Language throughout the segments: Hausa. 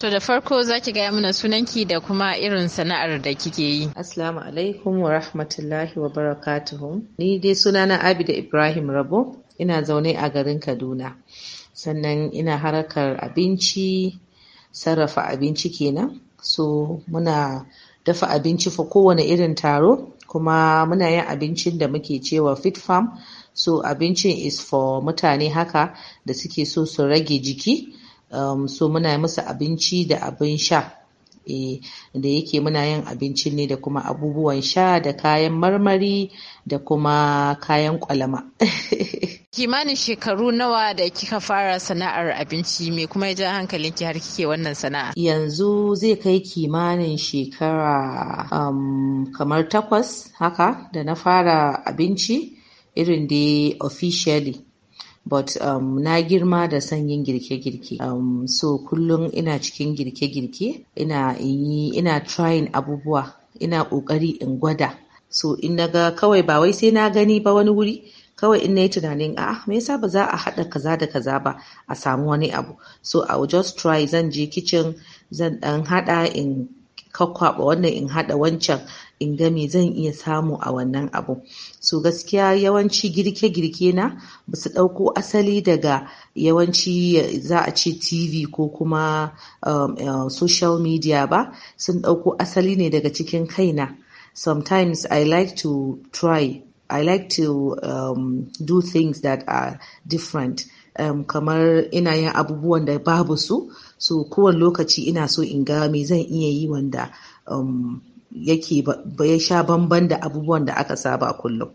To da farko za ki gaya mana sunanki da kuma irin sana'ar da kike yi. Assalamu alaikum wa rahmatullahi wa barakatuhu. Ni dai sunana Abida Ibrahim Rabo, ina zaune a garin Kaduna. Sannan ina harkar abinci, sarrafa abinci kenan. So muna dafa abinci fa kowane irin taro, kuma muna yin abincin da muke cewa fit farm. So abincin is for mutane haka da suke so su rage jiki. Um, so muna musu abinci da abin sha e, da yake muna yin abinci ne da kuma abubuwan sha da kayan marmari da kuma kayan kwalama kimanin shekaru nawa da kika fara sana'ar abinci me kuma ya ja ki har kike wannan sana'a yanzu zai kai kimanin shekara um, kamar takwas haka da na fara abinci irin da officially but um, na girma da sanyin girke-girke um, so kullum ina cikin girke-girke ina yi ina trying abubuwa ina ƙoƙari in gwada so in naga kawai ba wai sai na gani ba wani wuri kawai in na yi tunanin a me yasa ba za a haɗa kaza da kaza ba a samu wani abu so i will just try zan je kitchen zan ɗan haɗa in kwaba wannan in haɗa wancan in ga me zan iya samu a wannan abu so gaskiya yawanci girke-girke na basu su ɗauko asali daga yawanci za a ce tv ko kuma um, uh, social media ba sun ɗauko asali ne daga cikin kaina sometimes i like to try i like to um, do things that are different um, kamar ina yin abubuwan da babu su so kowane lokaci ina so in ga me zan iya yi wanda um, yake ya sha bamban da abubuwan da aka saba kullum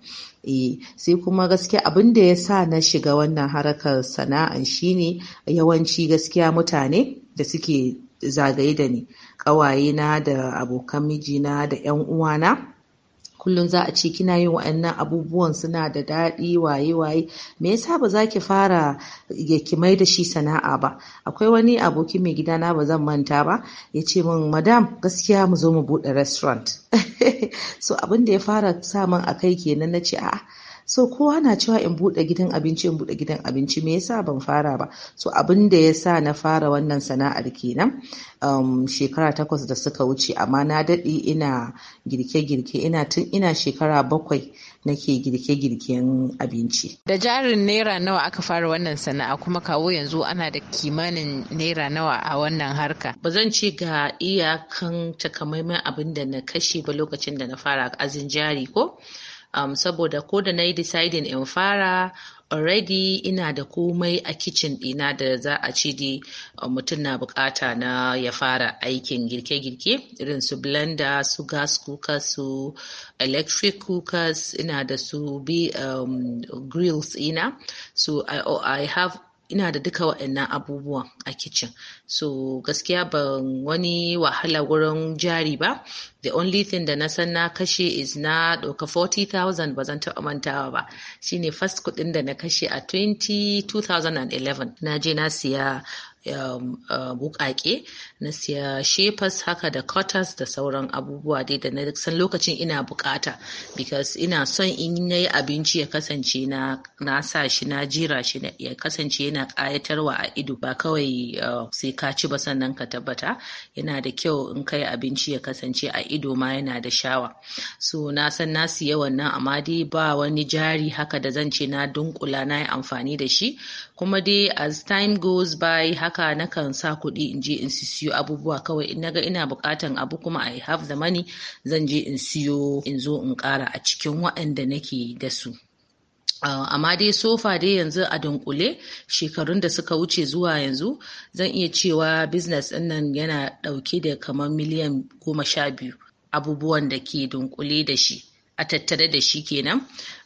Eh sai kuma gaskiya abin da ya sa na shiga wannan harakar sana'an shine yawanci gaskiya mutane da suke zagaye da ni ƙawayena na da abokan mijina da 'yan uwana kullum za a ce kina yin wa'annan abubuwan suna da daɗi waye waye me yasa ba za ki fara ya ki mai da shi sana'a ba akwai wani abokin mai gida na ba zan manta ba ya ce min madam gaskiya mu zo mu buɗe restaurant so abin da ya fara sa min a kai kenan na ce a'a so kowa na cewa in buɗe gidan abinci in buɗe gidan abinci me yasa ban fara ba so abin da ya sa na fara wannan sana'ar kenan um, shekara takwas da suka wuce amma na daɗe ina girke-girke ina tun ina shekara bakwai nake girke-girken abinci. Da jarin naira nawa aka fara wannan sana'a kuma kawo yanzu ana da kimanin naira nawa a wannan harka. Ba zan ce ga iyakan takamaiman abin da na kashe ba lokacin da na fara azin jari ko? um, saboda ko da na yi deciding in fara already ina da komai a kitchen ɗina da za a ci di um, mutum na bukata na ya fara aikin girke-girke irin su blender su gas kuka su electric cookers ina da su be um, grills ina so I, oh, I have ina da duka waɗannan abubuwan a kicin so gaskiya ban wani wahala wurin jari ba the only thing da na san na kashe is na ɗauka 40,000 ba zan taɓa mantawa ba shine first kuɗin da na kashe a 20, 2011 na je na siya bukake um, uh, na siya shefas haka da cutters da sauran abubuwa dai da na san lokacin ina bukata because ina son in na yi abinci ya kasance na sa shi na jira shi ya kasance yana kayatarwa a ido ba kawai uh, sai ka ci ba sannan ka tabbata yana da kyau in kai abinci ya kasance a ido ma yana da shawa so na san na siya wannan amma dai ba wani jari haka da zan ce na dunkula na yi amfani da shi kuma dai as time goes by haka haka nakan sa kuɗi in je in siyo abubuwa kawai in naga ina buƙatan abu kuma I have the money zan je in siyo in zo in ƙara a cikin waɗanda nake da su. Uh, amma dai sofa dai yanzu a dunkule shekarun da suka wuce zuwa yanzu zan iya cewa business ɗin nan yana ɗauke da kamar miliyan goma sha biyu abubuwan da ke dunkule da shi. a tattare da shi kenan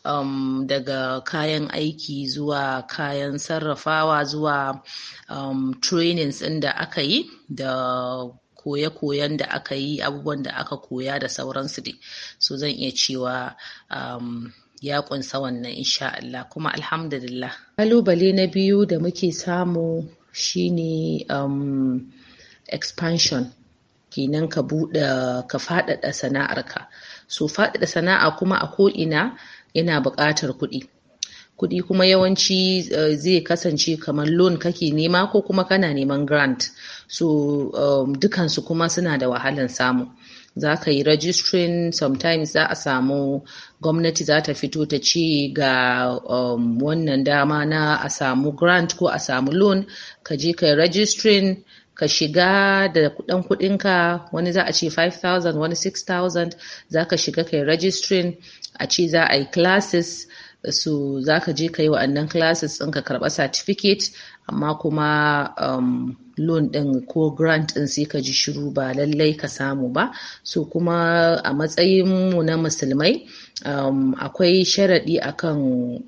um, daga kayan aiki zuwa kayan sarrafawa zuwa um, trainings ɗin da aka yi da koye-koyen da aka yi abubuwan da aka koya da sauransu dai so zan iya cewa um, ya kunsa wannan insha Allah kuma alhamdulillah kalubale na biyu da muke samu shine um, expansion kenan ka buɗe ka faɗaɗa sana'arka so faɗaɗa sana'a kuma a ko'ina yana buƙatar kuɗi kuɗi kuma yawanci eh, zai kasance kamar loan kake nema ko kuma kana neman grant so um, dukansu kuma suna da wahalan samu za ka yi registering sometimes za a samu gwamnati za ta fito ta ce ga um, wannan dama na a samu grant ko a samu loan ka je ka yi registering ka shiga da ɗan kudinka wani za a ce 5000 wani 6000 za ka shiga kai rajistrin a ce za a yi classes su za ka je ka yi wa'annan classes ɗin ka karɓa certificate amma kuma um, loan ɗin ko grant ɗin sai ka ji shiru ba lallai ka samu ba so kuma a matsayin mu na musulmai um, akwai sharaɗi akan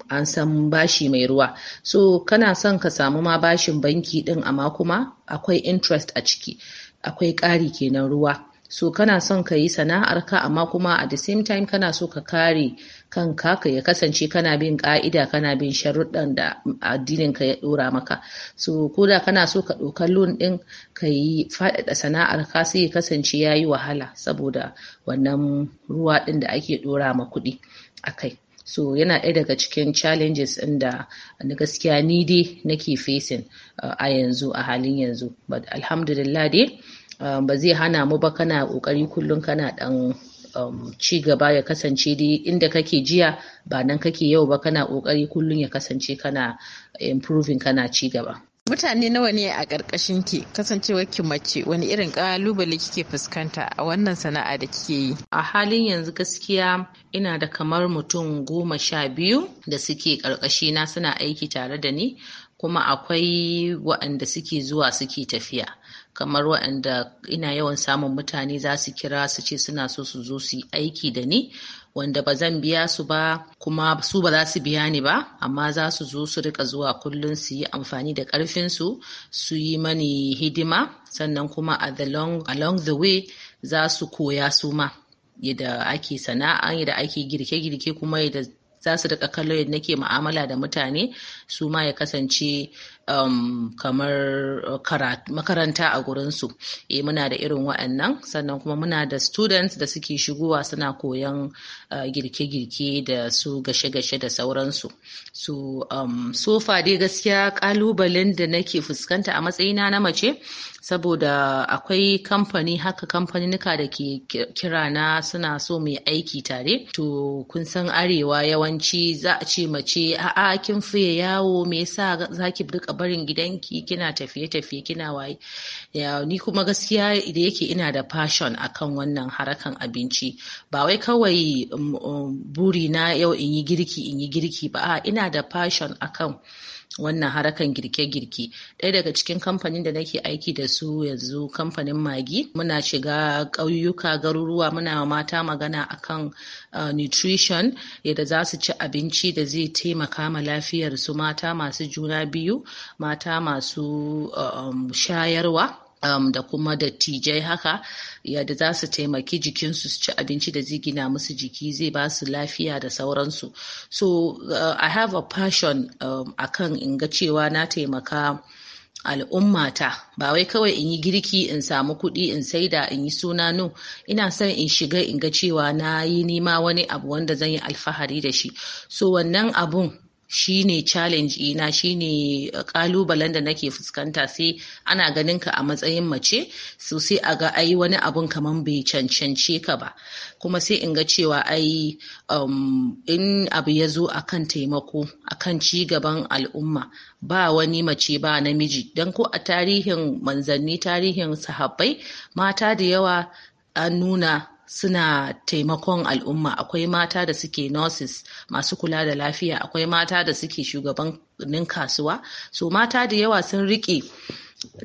an san bashi mai ruwa so kana son ka samu ma bashin banki ɗin amma kuma akwai interest a ciki akwai ƙari kenan ruwa so kana son ka yi sana'arka amma kuma at the same time kana so ka kare kanka ka ya kasance kana bin ka'ida kana bin sharuɗan da addinin ka ya ɗora maka so ko da kana so ka ɗauka loan ɗin ka yi faɗaɗa sana'ar ka sai ya kasance ya yi wahala saboda wannan ruwa ɗin da ake ɗora ma kuɗi a kai so yana ɗaya daga cikin challenges ɗin da na gaskiya ni dai nake facing uh, a yanzu a halin yanzu but alhamdulillah dai Um, ba zai hana mu ba kana kokari kullum kana dan um, ci gaba ya kasance dai inda kake jiya ba nan kake yau ba kana kokari kullum ya kasance kana improving kana ci gaba mutane nawa ne a ƙarƙashin ki kasancewar ki mace wani irin ƙalubale kike fuskanta a wannan sana'a da kike yi a halin yanzu gaskiya ina da kamar mutum goma sha biyu da suke na suna aiki tare da ni kuma akwai waɗanda suke zuwa suke tafiya kamar waɗanda ina yawan samun mutane za su kira su ce suna so su zo su yi aiki da ni wanda ba zan biya su ba kuma su ba za su biya ni ba amma za su zo su rika zuwa kullum su yi amfani da ƙarfinsu su yi mani hidima sannan kuma a the long, along the way za su koya su ma yadda ake sana'a yadda ake girke-girke kuma yadda za su rika kallo yadda nake ma'amala da mutane su ma ya kasance um, kamar uh, makaranta a gurinsu e, muna da irin wa'annan sannan kuma muna da students da suke shigowa suna koyan uh, girke-girke da su gashe-gashe da sauransu So um, far dai gaskiya kalubalen da nake fuskanta a matsayina na mace saboda akwai kamfani haka kamfaninika da ke kira na suna so mai aiki tare to kun san arewa yawanci za a ce mace a'a kin fiye yawo me yasa za ki Ka barin gidanki kina tafiye-tafiye kina waye ya ni kuma gaskiya da yake ina da passion akan wannan harakan abinci ba wai kawai um, um, buri na yau in yi girki in yi girki ba ina da passion akan wannan harakan girke-girke ɗaya daga cikin kamfanin da nake aiki da su yanzu kamfanin magi muna shiga ƙauyuka garuruwa muna mata magana akan kan uh, nutrition yadda za su ci abinci da zai taimaka ma lafiyar su mata masu juna biyu mata masu um, shayarwa um, da kuma dattijai haka yadda za su taimaki jikinsu su ci abinci da zai gina musu jiki zai ba su lafiya da sauransu so uh, i have a passion um, akan in ga cewa na taimaka al'ummata ba wai kawai in yi girki in samu kuɗi in saida in yi suna no ina son in shiga in ga cewa na yi nima wani abu wanda zan yi alfahari da shi so wannan abun shine challenge ina shine kalubalen da nake fuskanta sai ana ganin ka a matsayin mace so sai a ga ai wani abun kaman bai cancance ka ba kuma sai in ga cewa ai um, in abu ya zo akan taimako akan ci gaban al'umma ba wani mace ba namiji don ko a tarihin manzanni tarihin sahabbai mata da yawa an nuna suna taimakon al'umma akwai mata da suke nurses masu kula da lafiya akwai mata da suke shugabannin kasuwa so mata da yawa sun riƙe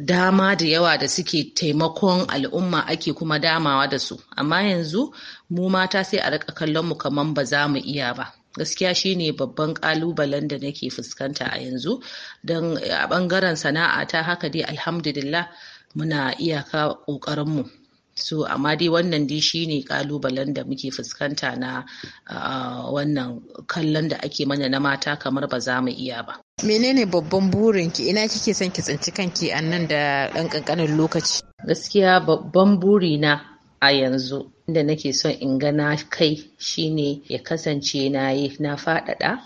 dama da yawa da suke taimakon al'umma ake kuma damawa da su amma yanzu mu mata sai a rika kallon mu kamar ba za mu iya ba gaskiya shine babban kalubalen da nake fuskanta a yanzu don a bangaren sana'a ta haka dai alhamdulillah muna iyaka ƙoƙarinmu so amma dai wannan dai shine kalubalen da muke fuskanta na ah, wannan kallon da ake mana na mata kamar ba za mu iya ba menene babban burin ki ina kike son ki tsinci kanki a nan da ɗan ƙanƙanin lokaci gaskiya babban buri na a yanzu inda nake son in ga na kai shine ya kasance na yi na faɗaɗa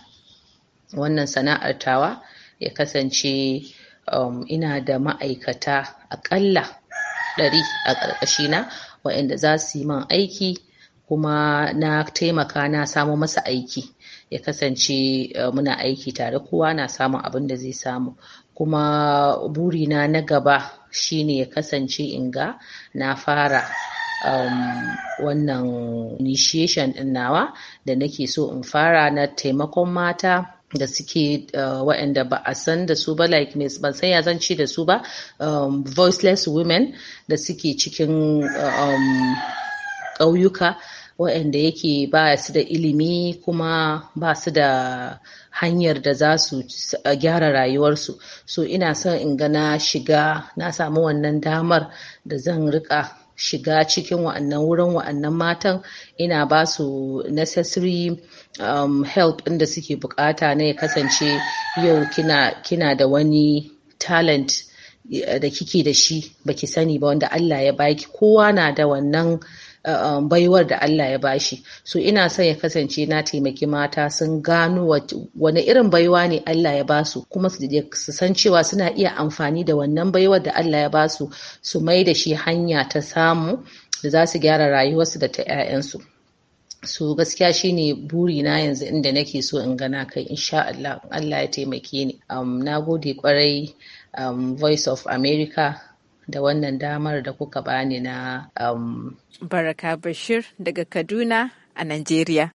wannan sana'ar tawa ya kasance um, ina da ma'aikata aƙalla ɗari a ƙarƙashina waɗanda za su yi man aiki kuma na taimaka na samo masa aiki ya kasance eh, muna aiki tare kowa na samun abin da zai samu kuma burina na gaba shine ya kasance in ga na fara um, wannan initiation ɗin nawa da nake so in fara na taimakon mata da suke uh, waɗanda ba a san da su ba like mai ban san ya zan ci da su ba um, voiceless women da suke cikin uh, um, ƙauyuka waɗanda yake ba su da ilimi kuma ba su da hanyar da za su gyara rayuwarsu so ina son in ga na shiga na samu wannan damar da zan rika shiga cikin wa'annan wurin wa'annan matan ina ba su necessary um, help ɗin da suke bukata na ya kasance yau kina, kina da wani talent eh, da kike da shi baki sani ba wanda Allah ya baki kowa na da wannan Um, baiwar da Allah ya bashi so ina son ya kasance na taimaki mata sun gano wani irin baiwa ne Allah ya basu kuma su san cewa suna iya amfani da wannan baiwar da Allah ya basu su mai da shi hanya ta samu da za su gyara rayuwarsu da ta 'ya'yansu so gaskiya shine buri na yanzu inda nake so in gana kai insha Allah Allah ya taimake ni um, na gode kwarai um, voice of america da wannan damar da kuka bani na um... Baraka Bashir daga Kaduna a Najeriya.